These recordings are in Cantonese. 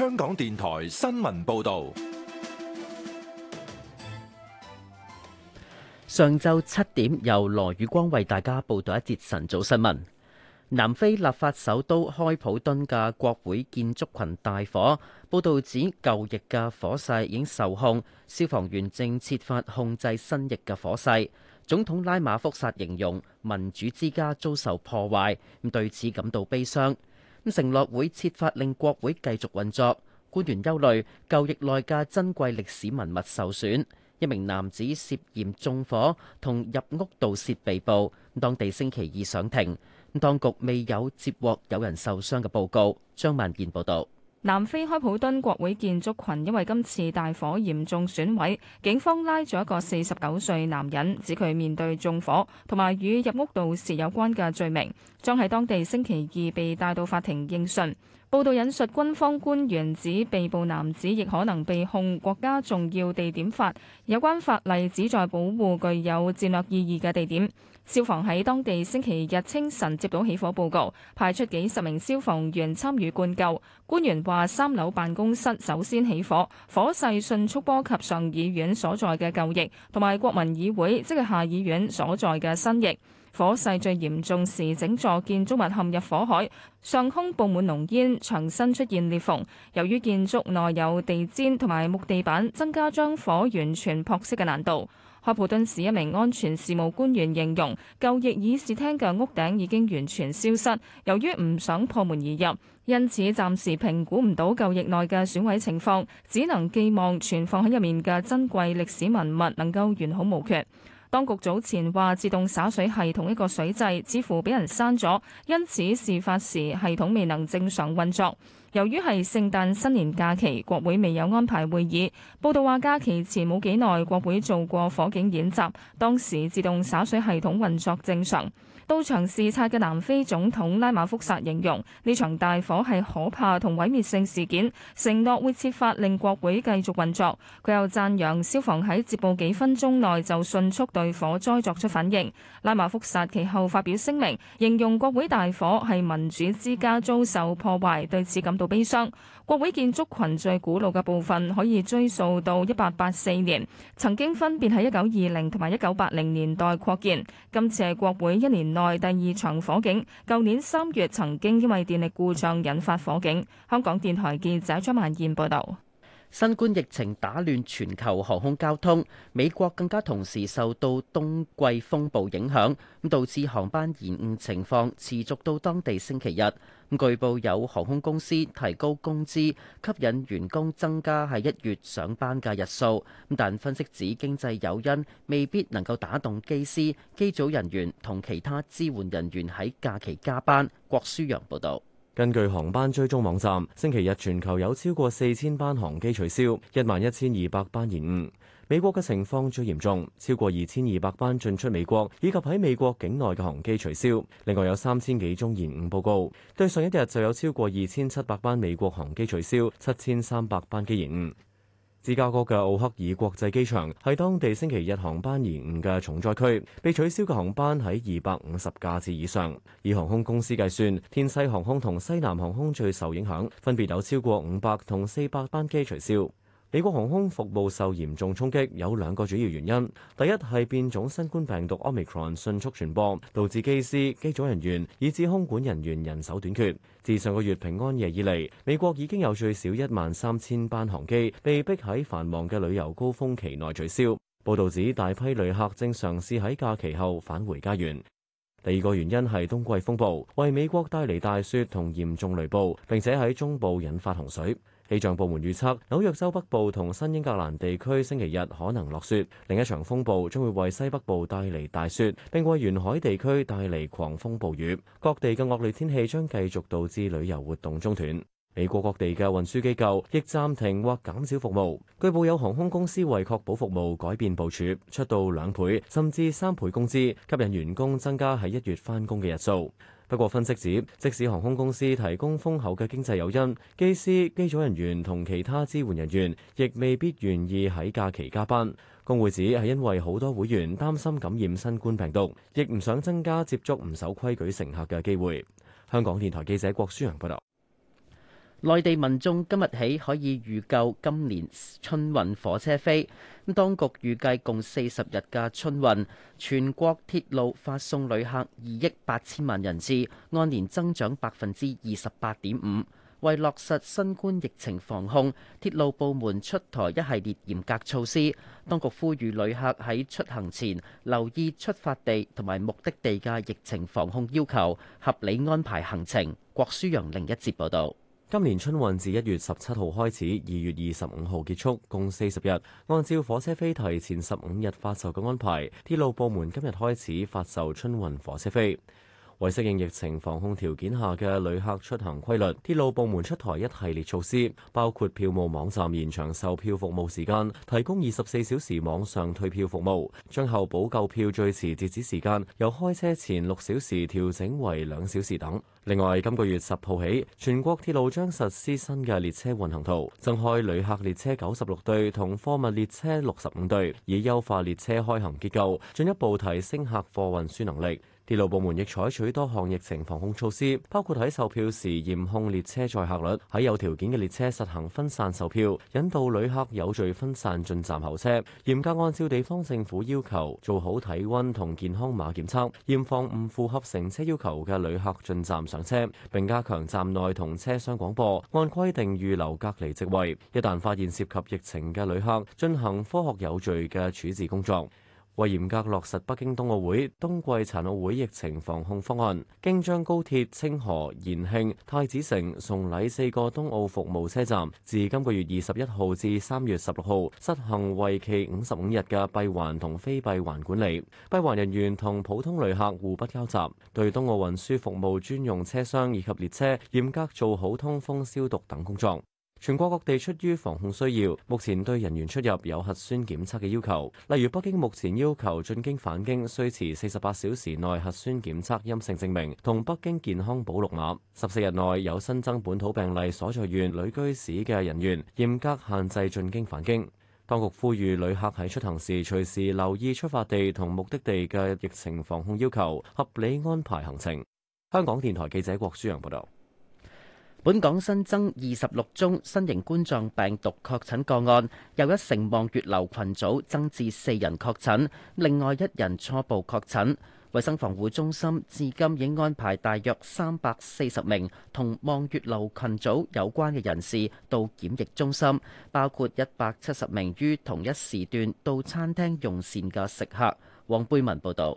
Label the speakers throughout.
Speaker 1: 香港電台新聞報道，
Speaker 2: 上晝七點由羅宇光為大家報道一節晨早新聞。南非立法首都開普敦嘅國會建築群大火，報道指舊翼嘅火勢已經受控，消防員正設法控制新翼嘅火勢。總統拉馬福薩形容民主之家遭受破壞，咁對此感到悲傷。咁承諾會設法令國會繼續運作。官員憂慮舊翼內嘅珍貴歷史文物受損。一名男子涉嫌縱火同入屋盜竊被捕，當地星期二上庭。咁當局未有接獲有人受傷嘅報告。張萬健報道。
Speaker 3: 南非開普敦國會建築群因為今次大火嚴重損毀，警方拉咗一個四十九歲男人，指佢面對縱火同埋與入屋盜竊有關嘅罪名，將喺當地星期二被帶到法庭應訊。報道引述軍方官員指，被捕男子亦可能被控國家重要地點法。有關法例旨在保護具有戰略意義嘅地點。消防喺當地星期日清晨接到起火報告，派出幾十名消防員參與灌救。官員話，三樓辦公室首先起火，火勢迅速波及上議院所在嘅舊翼，同埋國民議會，即係下議院所在嘅新翼。火勢最嚴重時，整座建築物陷入火海，上空布滿濃煙，牆身出現裂縫。由於建築內有地氈同埋木地板，增加將火完全撲熄嘅難度。開普敦市一名安全事務官員形容，舊翼議事廳嘅屋頂已經完全消失。由於唔想破門而入，因此暫時評估唔到舊翼內嘅損毀情況，只能寄望存放喺入面嘅珍貴歷史文物能夠完好無缺。當局早前話自動灑水系統一個水掣，似乎俾人閂咗，因此事發時系統未能正常運作。由於係聖誕新年假期，國會未有安排會議。報道話假期前冇幾耐，國會做過火警演習，當時自動灑水系統運作正常。到場視察嘅南非總統拉馬福薩形容呢場大火係可怕同毀滅性事件，承諾會設法令國會繼續運作。佢又讚揚消防喺接報幾分鐘內就迅速對火災作出反應。拉馬福薩其後發表聲明，形容國會大火係民主之家遭受破壞，對此感到悲傷。國會建築群最古老嘅部分可以追溯到一八八四年，曾經分別喺一九二零同埋一九八零年代擴建。今次係國會一年內第二場火警，舊年三月曾經因為電力故障引發火警。香港電台記者張萬燕報
Speaker 2: 道。新冠疫情打亂全球航空交通，美國更加同時受到冬季風暴影響，咁導致航班延誤情況持續到當地星期日。咁據報有航空公司提高工資吸引員工增加喺一月上班嘅日數，但分析指經濟誘因未必能夠打動機師、機組人員同其他支援人員喺假期加
Speaker 1: 班。郭舒陽報道。根據航班追蹤網站，星期日全球有超過四千班航機取消，一萬一千二百班延誤。美國嘅情況最嚴重，超過二千二百班進出美國以及喺美國境內嘅航機取消，另外有三千幾宗延誤報告。對上一日就有超過二千七百班美國航機取消，七千三百班機延誤。芝加哥嘅奧克爾國際機場係當地星期日航班延誤嘅重災區，被取消嘅航班喺二百五十架次以上。以航空公司計算，天西航空同西南航空最受影響，分別有超過五百同四百班機取消。美國航空服務受嚴重衝擊，有兩個主要原因。第一係變種新冠病毒 Omicron 迅速傳播，導致機師、機組人員以至空管人員人手短缺。自上個月平安夜以嚟，美國已經有最少一萬三千班航機被逼喺繁忙嘅旅遊高峰期內取消。報導指，大批旅客正嘗試喺假期後返回家園。第二個原因係冬季風暴，為美國帶嚟大雪同嚴重雷暴，並且喺中部引發洪水。氣象部門預測，紐約州北部同新英格蘭地區星期日可能落雪，另一場風暴將會為西北部帶嚟大雪，並為沿海地區帶嚟狂風暴雨。各地嘅惡劣天氣將繼續導致旅遊活動中斷。美國各地嘅運輸機構亦暫停或減少服務，據報有航空公司為確保服務改變部署，出到兩倍甚至三倍工資吸引員工增加喺一月返工嘅日數。不過分析指，即使航空公司提供豐厚嘅經濟誘因，機師、機組人員同其他支援人員亦未必願意喺假期加班。工會指係因為好多會員擔心感染新冠病毒，亦唔想增加接觸唔守規矩乘客嘅機會。香港電台記者郭舒陽報道。內地民眾今日起可以
Speaker 2: 預購今年春運火車飛。咁，當局預計共四十日嘅春運，全國鐵路發送旅客二億八千萬人次，按年增長百分之二十八點五。為落實新冠疫情防控，鐵路部門出台一系列嚴格措施。當局呼籲旅客喺出行前留意出發地同埋目的地嘅疫情防控要求，合理
Speaker 1: 安排行程。郭舒陽另一節報道。今年春運自一月十七號開始，二月二十五號結束，共四十日。按照火車飛提前十五日發售嘅安排，鐵路部門今日開始發售春運火車飛。為適應疫情防控條件下嘅旅客出行規律，鐵路部門出台一系列措施，包括票務網站延長售票服務時間，提供二十四小時網上退票服務，將候補購票最遲截止時間由開車前六小時調整為兩小時等。另外，今個月十號起，全國鐵路將實施新嘅列車運行圖，增開旅客列車九十六對同貨物列車六十五對，以優化列車開行結構，進一步提升客貨運輸能力。鐵路部門亦採取多項疫情防控措施，包括喺售票時嚴控列車載客率，喺有條件嘅列車實行分散售票，引導旅客有序分散進站候車，嚴格按照地方政府要求做好體溫同健康碼檢測，嚴防唔符合乘車要求嘅旅客進站上車，並加強站內同車廂廣播，按規定預留隔離席位，一旦發現涉及疫情嘅旅客，進行科學有序嘅處置工作。為嚴格落實北京冬奧會、冬季殘奧會疫情防控方案，京張高鐵、清河、延慶、太子城、崇禮四個冬奧服務車站，自今個月二十一號至三月十六號，實行為期五十五日嘅閉環同非閉環管理，閉環人員同普通旅客互不交集，對冬奧運輸服務專用車廂以及列車嚴格做好通風、消毒等工作。全國各地出於防控需要，目前對人員出入有核酸檢測嘅要求。例如北京目前要求進京返京需持四十八小時內核酸檢測陰性證明同北京健康保綠碼。十四日內有新增本土病例所在縣、旅居市嘅人員，嚴格限制進京返京。當局呼籲旅客喺出行時隨時留意出發地同目的地嘅疫情防控要求，合理安排行程。香港電台記者郭舒揚報道。本港新增二十六宗新型冠狀病
Speaker 2: 毒確診個案，又一城望月樓群組增至四人確診，另外一人初步確診，衛生防護中心至今已安排大約三百四十名同望月樓群組有關嘅人士到檢疫中心，包括一百七十名於同一時段到餐廳用膳嘅食客。黃貝文報道。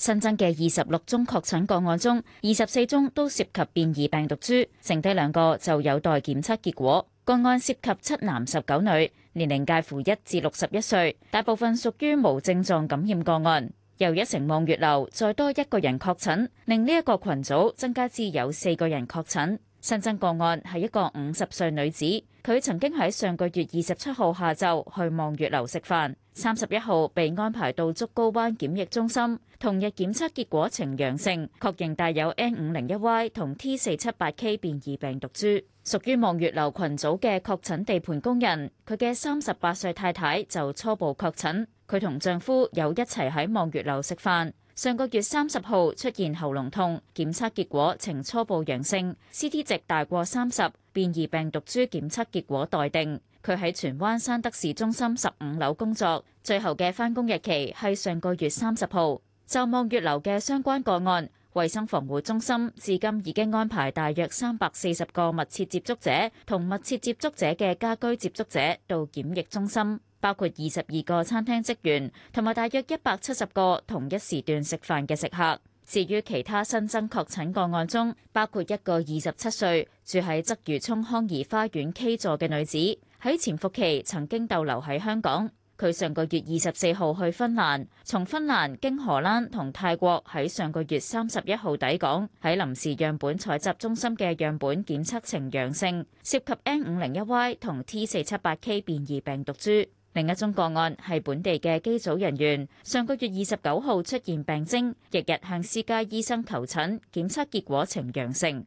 Speaker 4: 新增嘅二十六宗確診個案中，二十四宗都涉及變異病毒株，剩低兩個就有待檢測結果。個案涉及七男十九女，年齡介乎一至六十一歲，大部分屬於無症狀感染個案。由一城望月樓再多一個人確診，令呢一個群組增加至有四個人確診。新增個案係一個五十歲女子，佢曾經喺上個月二十七號下晝去望月樓食飯，三十一號被安排到竹篙灣檢疫中心，同日檢測結果呈陽性，確認帶有 N 五零一 Y 同 T 四七八 K 變異病毒株，屬於望月樓群組嘅確診地盤工人。佢嘅三十八歲太太就初步確診，佢同丈夫有一齊喺望月樓食飯。上個月三十號出現喉嚨痛，檢測結果呈初步陽性，C T 值大過三十，變異病毒株檢測結果待定。佢喺荃灣山德士中心十五樓工作，最後嘅返工日期係上個月三十號。就望月樓嘅相關個案，衛生防護中心至今已經安排大約三百四十個密切接觸者同密切接觸者嘅家居接觸者到檢疫中心。包括二十二個餐廳職員同埋大約一百七十個同一時段食飯嘅食客。至於其他新增確診個案中，包括一個二十七歲住喺鰂魚涌康怡花園 K 座嘅女子，喺潛伏期曾經逗留喺香港。佢上個月二十四號去芬蘭，從芬蘭經荷蘭同泰國喺上個月三十一號抵港，喺臨時樣本採集中心嘅樣本檢測呈陽性，涉及 N 五零一 Y 同 T 四七八 K 變異病毒株。另一宗個案係本地嘅機組人員，上個月二十九號出現病徵，日日向私家醫生求診，檢測結果呈陽性。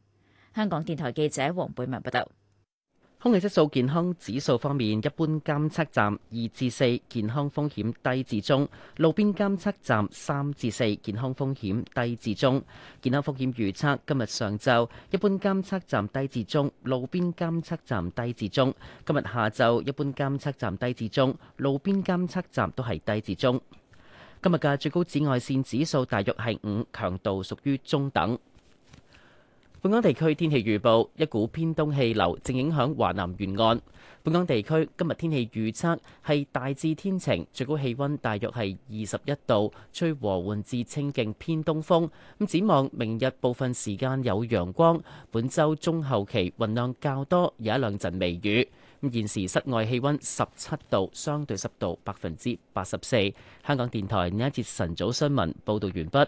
Speaker 4: 香港電台記者黃貝文報道。
Speaker 2: 空氣質素健康指數方面，一般監測站二至四，健康風險低至中；路邊監測站三至四，健康風險低至中。健康風險預測今日上晝，一般監測站低至中，路邊監測站低至中；今日下晝，一般監測站低至中，路邊監測站都係低至中。今日嘅最高紫外綫指數大約係五，強度屬於中等。本港地區天氣預報，一股偏東氣流正影響華南沿岸。本港地區今日天氣預測係大致天晴，最高氣温大約係二十一度，吹和緩至清勁偏東風。咁展望明日部分時間有陽光，本週中後期雲量較多，有一兩陣微雨。咁現時室外氣温十七度，相對濕度百分之八十四。香港電台呢一節晨早新聞報道完畢。